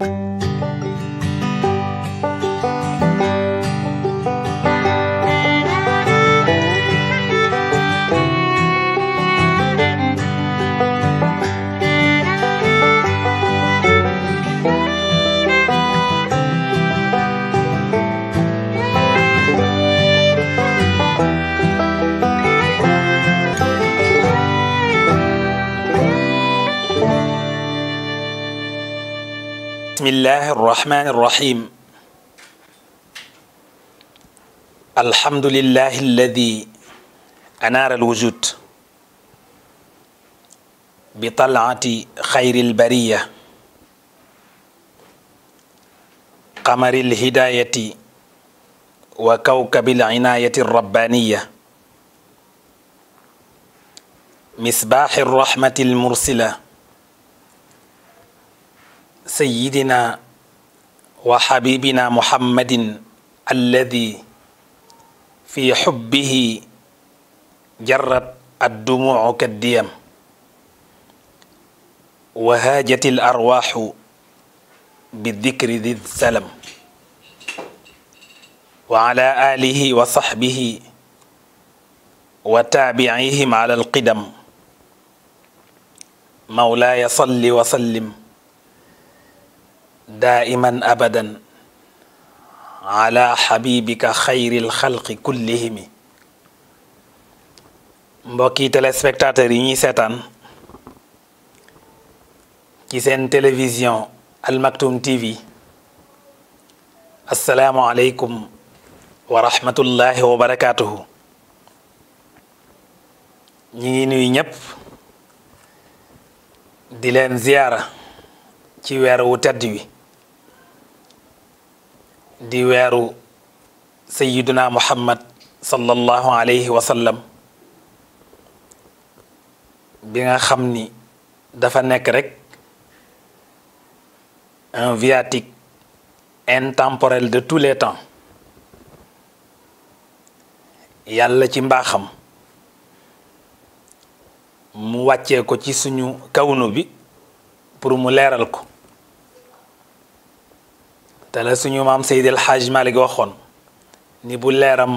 you الله الرحمن الرحيم الحمد لله الذي أنار الوجود بطلعة خير البرية قمر الهداية وكوكب العناية الربانية مصباح الرحمة المرسلة سيدنا وحبيبنا محمد الذي في حبه جرت الدموع كالديم وهاجت الأرواح بالذكر ذي السلم وعلى آله وصحبه وتابعيهم على القدم مولاي صل وسلم دائما أبدا على حبيبك خير الخلق كلهم مبكي تلسبكتاتر يني ستان كي سين تلفزيون المكتوم تي في السلام عليكم ورحمة الله وبركاته ني نوي نيب دي لين زياره ci wéru tedd di weeru sayiduna muhammad sallallahu alayhi wa sallam bi nga xam ni dafa nekk rek un viatique intemporel de tous les temps yàlla ci mbaaxam mu wàccee ko ci suñu kawnu bi pour mu leeral ko te la suñu maam Seydi El Hadj Malick waxoon ni bu leram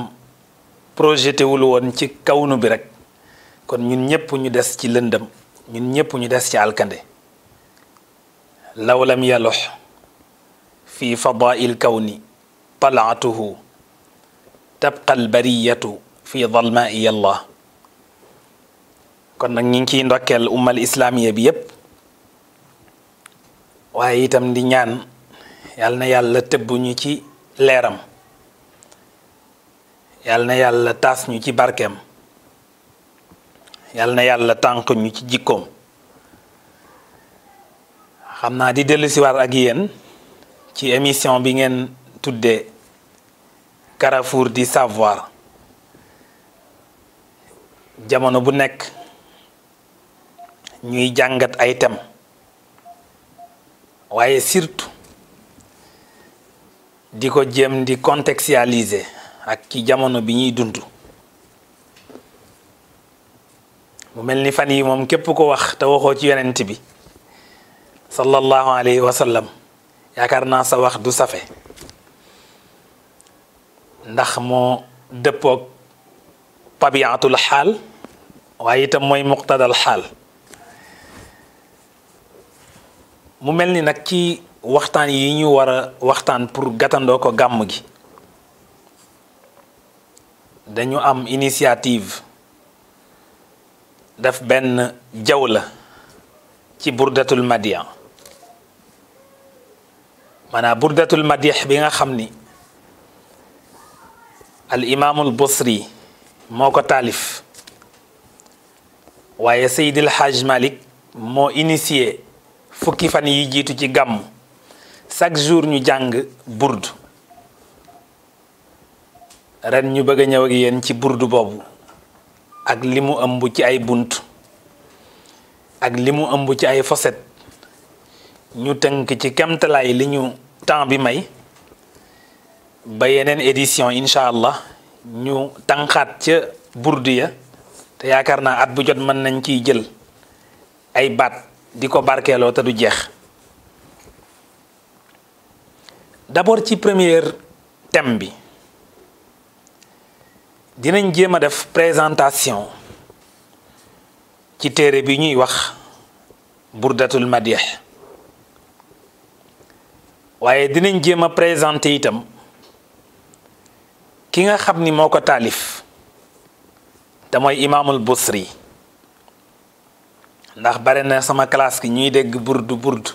projeté wul won ci kawnu bi rek kon ñun ñëpp ñu dess ci lëndëm ñun ñëpp ñu dess ci alkande law lam yaluh fi fada'il kawni tal'atuhu tabqa al bariyatu fi dhalma'i allah kon nak ñi ngi ciy ndokkeel ummal islamiyya bi yépp waye itam di ñaan yal na yàlla tëbb ñu ci leeram yal na yàlla taas ñu ci barkem yal na yàlla tànq ñu ci jikkom xamna di di ci war ak yeen ci émission bi ngeen tuddé Carrefour du Savoir jamono bu nek ñuy jangat ay tem waye surtout diko jëm di contextualiser ak ki jamono bi ñi dundu mu melni fan yi mom kep ko wax ta waxo ci yenen bi sallallahu alayhi wa sallam yakarna sa wax du safe ndax mo depok tabiatul hal waye tam moy muqtadal hal mu melni nak ci waxtaan yi ñu war a waxtaan pour gàttandoo ko gàmm gi dañu am initiative def benn jaw la ci burdatul madian maanaam burdatul madih bi nga xam ni al imaamul busri moo ko taalif waaye seydil haj malik moo initié fukki fan yi jiitu ci gàmm chaque jour ñu jang burdu ren ñu bëgg a ak yeen ci burdu bobu ak limu mu ëmb ci ay buntu ak limu ëmb ci ay foset ñu tënk ci kemtalaay li ñu temps bi may ba yenen édition inshallah allah ñu tankat ci burdu ya te yaakaar naa at bu jot mën nañ ci jël ay bat di ko barkeeloo te du jeex d'abord ci premier thème bi dinañ jéem a def présentation ci téere bi ñuy wax burdatul madih waaye dinañ jéem a itam ki nga ni moo ko taalif te mooy busri ndax na sama classe ki ñuy dégg burdu burdu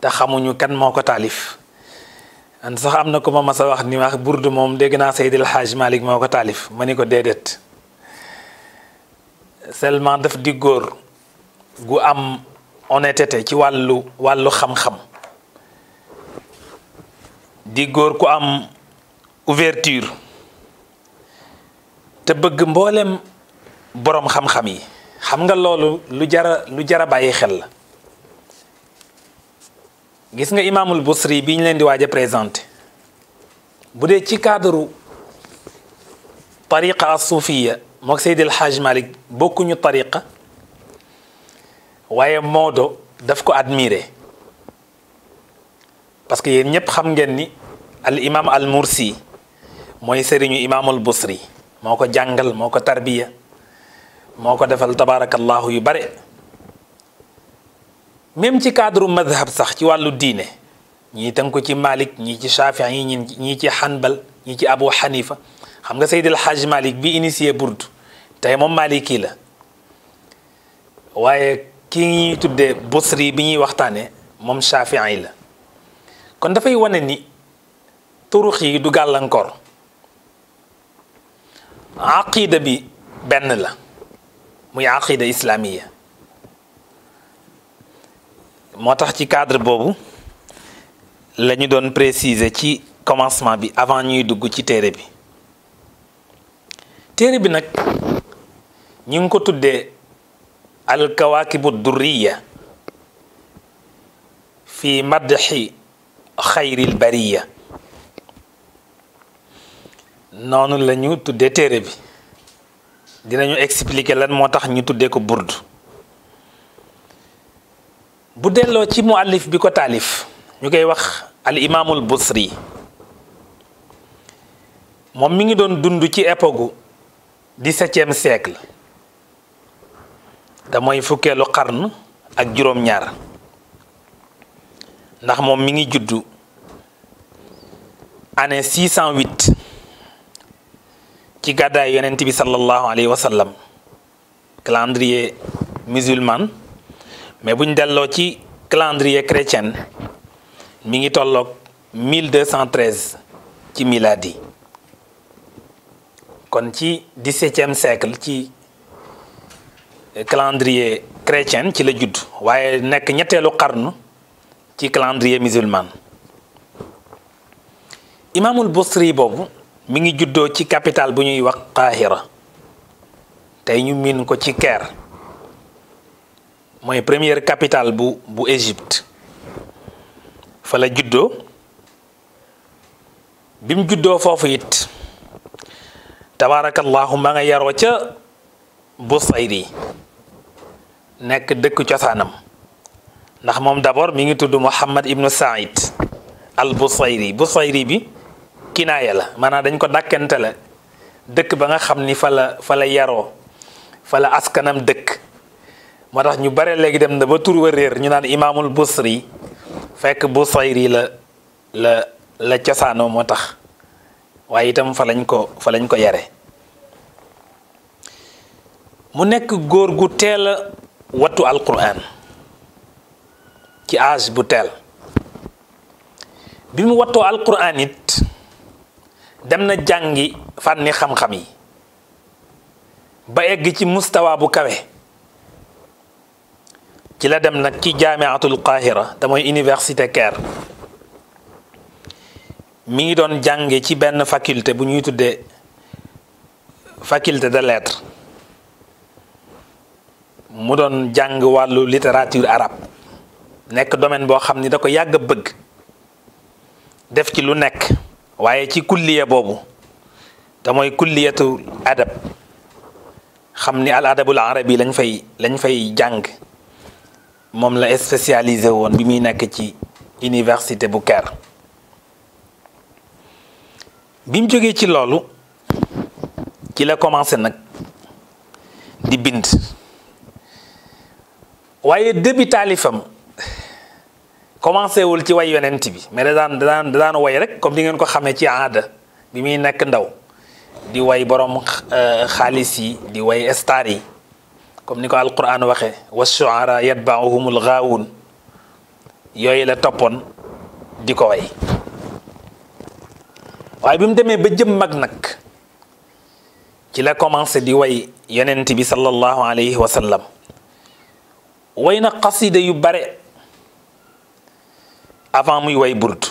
te xamuñu kan moko talif. أنت صح أمنا كم ما سواه نيم أخ برد موم دعنا سيد الحاج مالك ما هو كتاليف ماني كديدت سلمان دف ديغور غو أم أنتهت كي واللو واللو خم خم ديغور كو أم ouverture te bëgg mbolem borom xam xam yi xam nga loolu lu jara lu jara baye xel la gis nga imaamul Busri biñ ñu leen di waje a présenté bu dee ci cadre tariqa as mok mook Seydi El malik bokku ñu tariqa waye modo daf ko admirer parce que yéen ñep xam ngeen ni al imam al mursi moy serignu imam al Busri moko jàngal moko tarbiya moko defal tabarakallah yu bare même ci cadre madhab sax ci wàllu diine ñii tënku ci Malik ñii ci Shafii ñii ñii ci Hanbal ñii ci Abu Hanifa xam nga Seydil Hadj Malik bi initié burdu tey moom Maliki la waaye kii ñuy tuddee Busri bi ñuy waxtaanee moom Shafii la kon dafay wane ni turux yi du gàllankoor aqida bi benn la muy aqida islamiya moo tax ci cadre boobu la ñu doon préciser ci commencement bi avant ñuy dugg ci téere bi téere bi nag ñu ngi ko tuddee alkawaakibu durriya fi madxi xayril bariya noonu la ñu tuddee téere bi dinañu expliquer lan moo tax ñu tuddee ko burdu bu delloo ci muallif bi ko taalif ñu koy wax al imaamul busri moom mi ngi doon dund ci epogu di dix-septième siècle te mooy fukkeelu xarn ak juróom-ñaar ndax moom mi ngi juddu année 608 ci gàddaay yonent bi sallallahu alayhi wa sallam calendrier mais bu ñu delloo ci calendrier chrétien mi ngi tolloog 1213 ci miladi kon ci dix-septième siècle ci calendrier chrétien ci la juddu waaye nekk ñetteelu xarnu ci calendrier musulman imaamul busri boobu mi ngi juddoo ci capitale bu ñuy wax Qahira tey ñu miin ko ci Caire mooy première capital bu bu Égypte fa la juddoo bi mu juddoo foofu it tabaarakallahu ma nga yaroo ca Busayri nekk dëkk cosaanam ndax moom d'abord mi ngi tudd Muhammad ibnu Saïd al Busayri Busayri bi kinaaya la maanaa dañ ko dàkkante la dëkk ba nga xam ni fa la fa la yaroo fa la askanam dëkk moo tax ñu bare léegi dem na ba tur wa réer ñu naan imaamul busri fekk busayri la la la cosaanoo moo tax waaye itam fa lañ ko yare mu nekk góor gu teel a wattu alquran ci age bu teel bi mu wattoo alquran it dem na jàngi fànni xam-xam yi ba egg ci mustawaa bu kawe ci la dem nak ci jami'atul qahira da moy université Caire mi ngi doon jànge ci ben faculté bu ñuy tuddé faculté de lettres mu don jàng walu littérature arabe nek domaine bo xamni da ko yag a bëgg def ci lu nek waye ci kulliya bobu da moy kulliyatul adab xam ni al adabul arabi lañ fay lañ fay jàng moom la spécialisé woon bi muy nekk ci université bu Caire bi jógee ci loolu ci la commencé nag di bind waaye début taalifam commencé wul ci way yonent bi mais da daan da daan way rek comme di ngeen ko xamee ci aada bi muy nekk ndaw di way borom euh, xaalis yi di way star yi comme ni ko alquran waxee wa shuara yatbaauhumul gaawun yooyu la toppoon di ko way waaye bi mu demee ba jëm mag nag ci la commencé di way yonent bi sallallahu alayhi wa sallam way na xasida yu bare avant muy way burd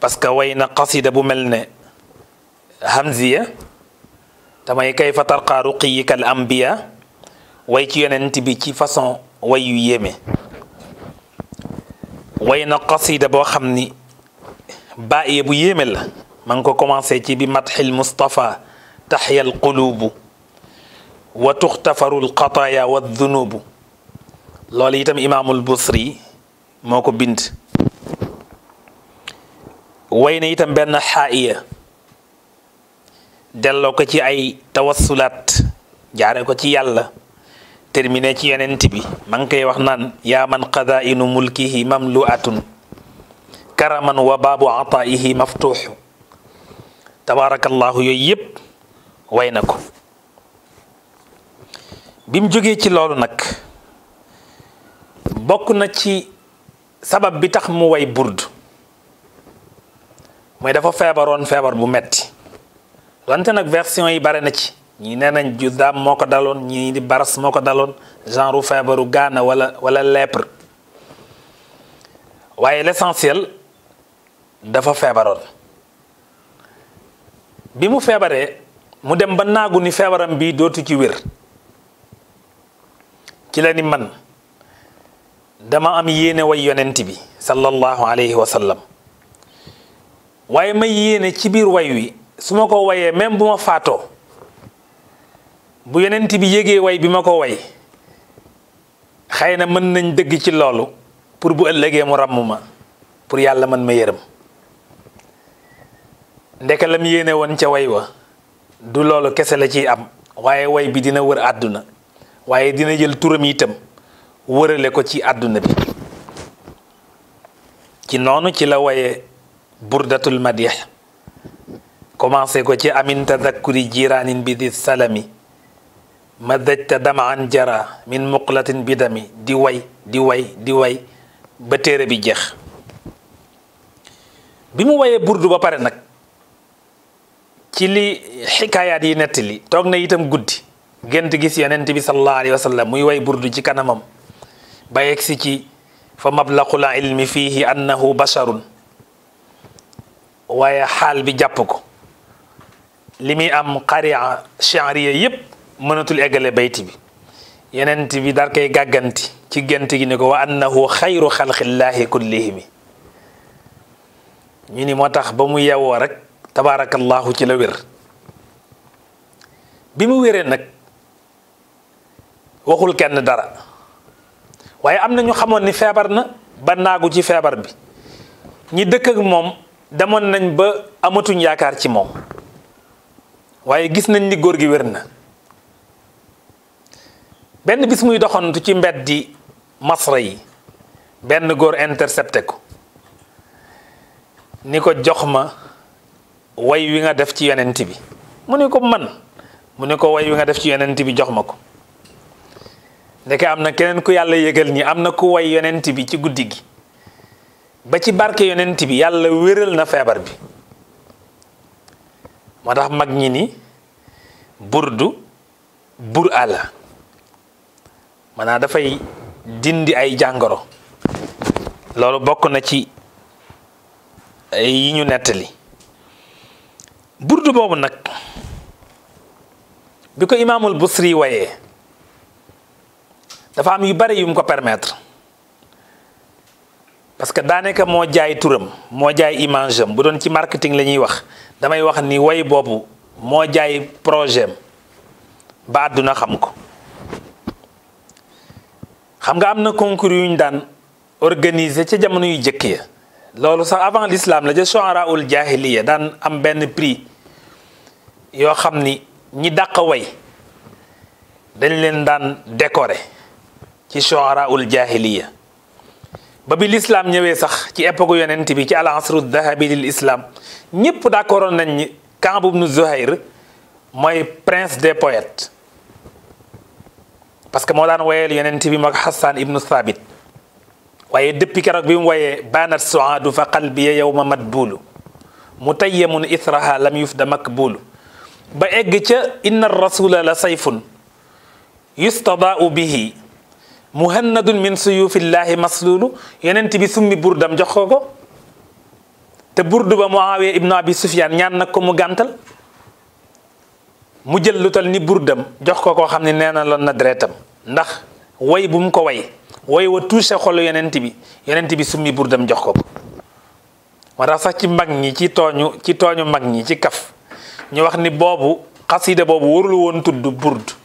parce que way na xasida bu mel ne hamziya تماي كيف ترقى رقيك الأنبياء ويكي ينتي بي كي فاسون وي ييمي وينا قصيدة بو خمني باقي بو يمل منكو كومانسي كي بمدح المصطفى تحيا القلوب وتختفر القطايا والذنوب لولي تم إمام البصري موكو بنت وين يتم بين حائيه delloo ko ci ay tawasulaat jaare ko ci yàlla terminé ci yonent bi ma ngi koy wax naan yaa man qadaa'inu mulkihi mamlu'atun karaman wa baabu ataa'ihi maftuuxu tabaarakallaahu yooyu yëpp way na ko bi mu jógee ci loolu nag bokk na ci sabab bi tax mu way burd mooy dafa feebaroon feebar bu metti wante nag version yi bare na ci ñii nee nañ judaam moo ko daloon ñii di baras moo ko daloon genre feebaru gaana walla wala lèpre waaye l'essentiel dafa feebaroon bi mu feebaree mu dem ba naagu ni feebaram bi dootu ci wér ci la ni man dama am yéene way yonent bi sallallahu alayhi wa waaye may yéene ci biir way wi su ma ko wayee même bu ma faatoo bu yonent bi yégee way bi ma ko way xëy na mën nañ dëgg ci loolu pour bu ëllëgee mu ràmm ma pour yàlla man ma yërëm ndekalam yéene woon ca way wa du loolu kese la ciy am waaye way bi dina wër àdduna waaye dina jël turam itam wërale ko ci àdduna bi ci noonu ci la waye burdatul madih commencé ko ci amin tadakkuri jiraanin bi di salami ma dama damaan jara min muqlatin bidami di way di way di way ba téere bi jeex bi mu wayee burdu ba pare nag ci li xikaayaat yi nettali toog na itam guddi gént gis yonent bi sallallahu alayhi wa muy way burdu ci kanamam ba yegsi ci fa mablaqul ilmi fiihi annahu basharun waaye xaal bi jàpp ko limi am qari'a chanria yeb manatul egale bayti bi yenent bi dar kay gaganti ci genti gi ne ko wa annahu khayru xalqillaahi kullihimi ñu ni moo tax ba mu yewo rek tabarakallahu ci la wér bi mu wéré nak waxul kenn dara waye amna ñu xamone ni febar na ba naagu ci febar bi ñi dëkk ak mom damon nañ ba amatuñ yaakar ci mom waaye gis nañ ni góor gi wér na benn bis muy doxantu ci mbeddi masra yi benn góor intercepté ko ni ko jox ma way wi nga def ci yonent bi mu ne ko man mu ne ko way wi nga def ci yonent bi jox ma ko ndeke am na keneen ku yàlla yëgal nii am na ku way yonent bi ci guddi gi ba ci barke yonent bi yàlla wéral na feebar bi moo tax mag ñi ni burdu bur àlla maanaam dafay dindi ay jàngoro loolu bokk na ci yi ñu nettali burdu boobu nag bi ko imaamul busri wayee dafa am yu bari yum ko permettre parce que daanaka moo jaay turam moo jaay image am bu doon ci marketing la ñuy wax damay wax ni way boobu moo jaay projet am ba àdduna xam ko xam nga am na yu ñu daan organiser ca jamono yu jëkk ya loolu sax avant l'islam la ja shu'ara ul jahiliya daan am benn prix yoo xam ni ñi daq woy dañ leen daan décorer ci shu'ara ul jahiliya ba bi lislaam ñëwee sax ci époque yonent bi ci al asru dahabi lil islam ñëpp d'accordoon nañ ni Kaab ibnu Zuhayr mooy prince des poètes parce que moo daan woyeel yonent bi mag Hassan ibnu Thabit waaye depuis keroog bi mu woyee baanat suaadu fa qalbiya yowma matbuulu mu tayyamun ithraha lam yufda makbuulu ba egg ca inna rasula la sayfun yustadaau bihi muhannadun min suyufillahi maslulu yonent bi summi burdam jox ko ko te burdu ba Muawiya ibnu abi Sufyaan ñaan nag ko mu gàntal mu jël lu tal ni burdam jox ko koo xam ne nee na loon na deretam ndax woy bu mu ko woy woy wa touché xolu yonent bi yonent bi summi burdam jox ko ko moo sax ci mag ñi ci tooñu ci tooñu mag ñi ci kaf ñu wax ni boobu xasida boobu warul woon tudd burd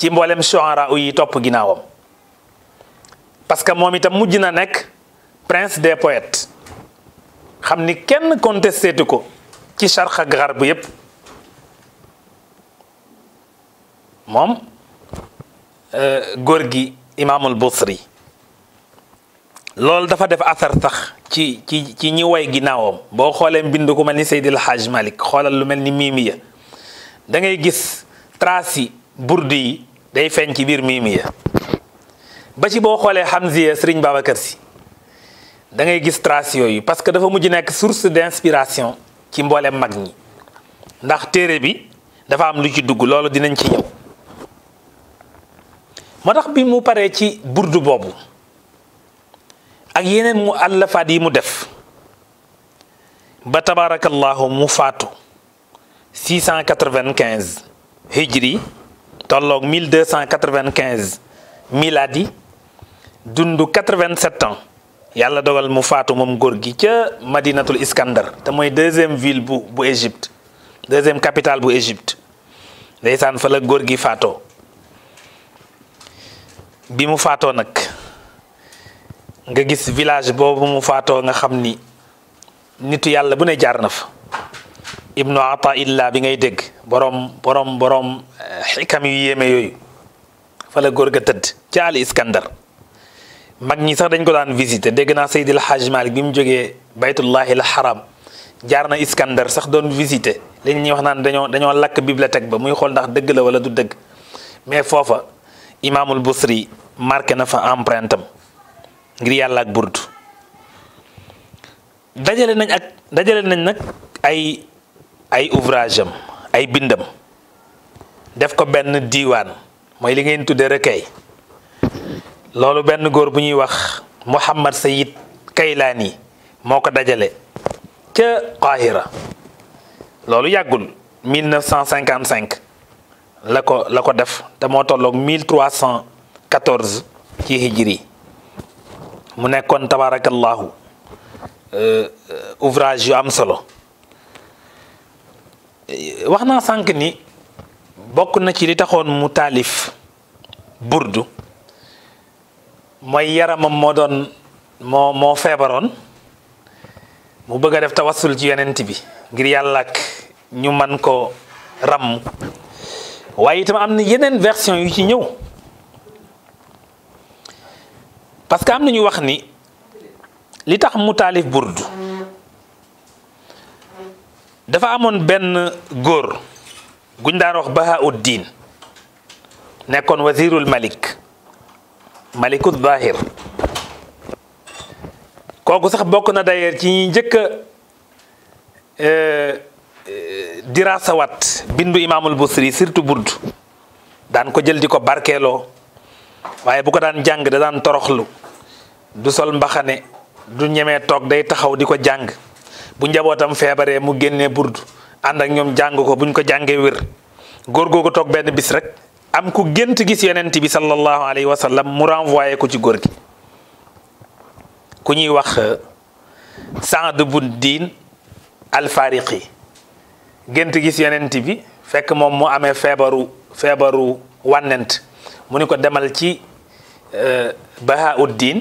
ci mboolem shuara yi topp ginnaawam parce que moom itam mujj na nekk prince des poètes xam ni kenn contestétu ko ci charx ak xar bu yépp moom euh, góor gi imaamul busri loolu dafa def asar sax ci ci ci ñi woy ginnaawam boo xoolee mbind ku mel ni Seydil Hajj Malik xoolal lu mel ni miimiya da ngay gis trace yi yi day feeñ ci biir miimiya ba ci boo xoolee hamziya sëriñ Babacar si dangay gis trace yi parce que dafa mujj nekk source d'inspiration ci mboolem mag ñi ndax téere bi dafa am lu ci dugg loolu dinañ ci ñëw moo tax bi mu paree ci burdu boobu ak yeneen mu àllafaat yi mu def ba tabarakallahu mu faatu 695 hijri tolloog 1295 miladi dund 87 ans yàlla dogal mu faatu moom góor gi ca madinatul iskandar te mooy deuxième ville bu bu Égypte deuxième capitale bu Égypte ndeysaan fa la góor gi faatoo bi mu faatoo nag nga gis village boobu mu faatoo nga xam ni nit yàlla bu ne jaar na fa ابن عطاء إلا بيني دك برم برم برم حكم يهيم يوي فلا غرقتت جال إسكندر مغني سردن كدان فيزيت دعنا سيد الحج مالك بيمجوجة بيت الله الحرام جارنا إسكندر سخدون فيزيت لين يوحنا دنيو دنيو الله كبيبلة تكبر مي خالد دقلة ولا دقلة مي فافا إمام البصري مارك نفا أم برانتم غري الله برد دجال نج دجال أي ay ouvrage am ay bindam def ko benn diwaan mooy li ngeen tuddee recueil loolu benn góor bu ñuy wax Muhammad Sayid Kaylaani moo ko dajale ca Qahira loolu yàggul 1955 la ko la ko def te moo tolloog 1314 ci hijri mu nekkoon tabaarakallaahu euh, euh, ouvrage yu am solo wax na sànq ni bokk na ci li taxoon mu taalif burdu mooy yaramam moo doon moo feebaroon mu bëgg a def tawassul ci yonent bi ngir yàlla ñu man ko ràmm waaye itam am na yeneen version yu ci ñëw parce que am na ñu wax ni li tax mu taalif burdu dafa amoon benn góor guñ daan wax Bahauddin nekkoon wazirul malik maliku zahir kooku sax bokk na d'ailleurs ci ñi njëkk a euh, dirasawat bindu imaamul busri surtout burd daan ko jël di ko barkeeloo waaye bu ko daan jàng da daan toroxlu du sol mbaxane du ñemee toog day taxaw di ko jàng bu njabotam febaré mu génné burdu and ak ñom jang ko buñ ko jangé wër gor gogo tok ben bis rek am ku gënt gis yonent bi sallallahu alayhi wa sallam mu renvoyé ko ci gor gi ku ñi wax ibn euh, bun al fariqi gënt gis yonent bi fekk mom mu amé febaru febaru wanent mu ni ko demal ci euh, Bahauddin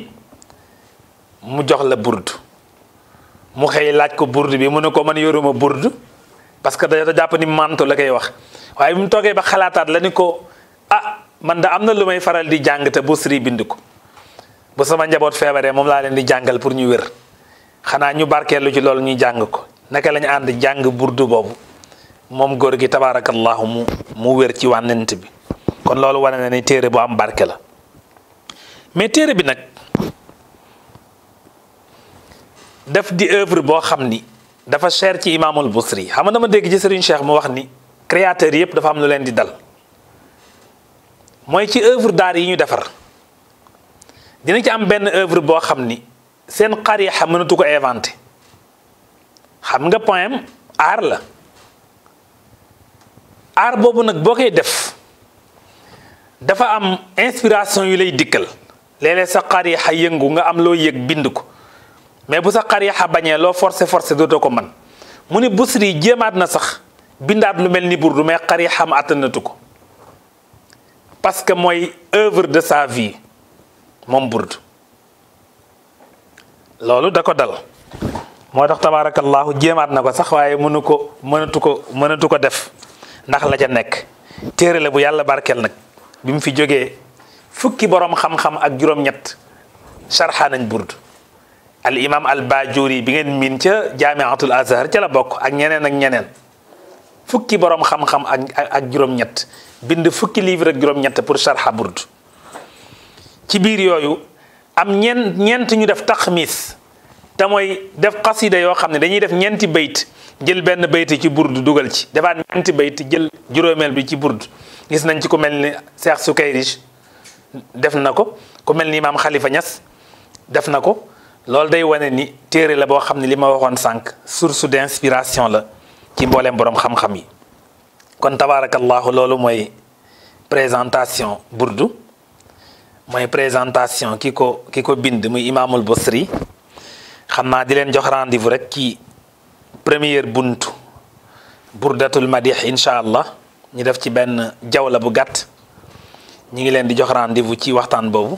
mu jox la burdu mu xey laaj ko burdu bi mu ne ko man yoruma burdu parce que da japp ni manto la kay wax waye bi mu ba khalatat la ni ko ah man da amna lumay faral di jang te bu sri bindu ko bu sama njabot febaré mom la len di jangal pour ñu wër xana ñu lu ci ñu jang ko naka lañ and jang burdu bobu mom gor gi tabarakallah mu mu wër ci wanent bi kon loolu wane ni téré bu am barké la mais téré bi nak def di œuvre boo xam ni dafa cher ci imaamul Busri xam na dama dégg ci Serigne Cheikh mu wax ni créateur yëpp dafa am lu leen di dal mooy ci œuvre d'art yi ñu defar dina ci am benn œuvre boo xam ni seen xariixa mënatu ko inventé xam nga poème art la art boobu nag boo koy def dafa am inspiration yu lay dikkal léeg-léeg sa xariixa yëngu nga am loo yëg bind ko mais bu sa xar yaxa bañee loo forcé forcé dootoo ko man mu ni busri jéemaat na sax bindaat lu mel ni burdu mais xar yaxam àttanatu ko parce que mooy œuvre de sa vie moom burdu loolu da ko dal moo tax tabaarakallaahu jéemaat na ko sax waaye mënu ko mënatu ko mënatu ko def ndax la ca nekk téere la bu yàlla barkeel nag bi mu fi jógee fukki boroom xam-xam ak juróom-ñett sarxaa nañ burdu al imaam al bajuri bi ngeen miin ca jaamiatul azhar ca la bokk ak ñeneen ak ñeneen fukki boroom xam-xam ak ak juróom-ñett bind fukki livre ak juróom-ñett pour sharha burd ci biir yooyu am ñeent ñeent ñu def taxmis te mooy def xasida yoo xam ne dañuy def ñeenti bayt jël benn bayt ci burd dugal ci defaat ñeenti bayt jël juróomeel bi ci burd gis nañ ci ku mel ni Cheikh Sukayrij def na ko ku mel ni Imam Khalifa Niass def na ko loolu day wone ni téré la bo xamni lima waxon sank source d'inspiration la ci mbooleem borom xam-xam yi kon tabarakallah lolou moy présentation burdu moy présentation kiko kiko bind muy imaamul Busiri xam naa di len jox rendez-vous rek ki premier buntu burdatul madih inshallah ñi def ci ben jawla bu gàtt ñi ngi len di jox rendez-vous ci waxtan bobu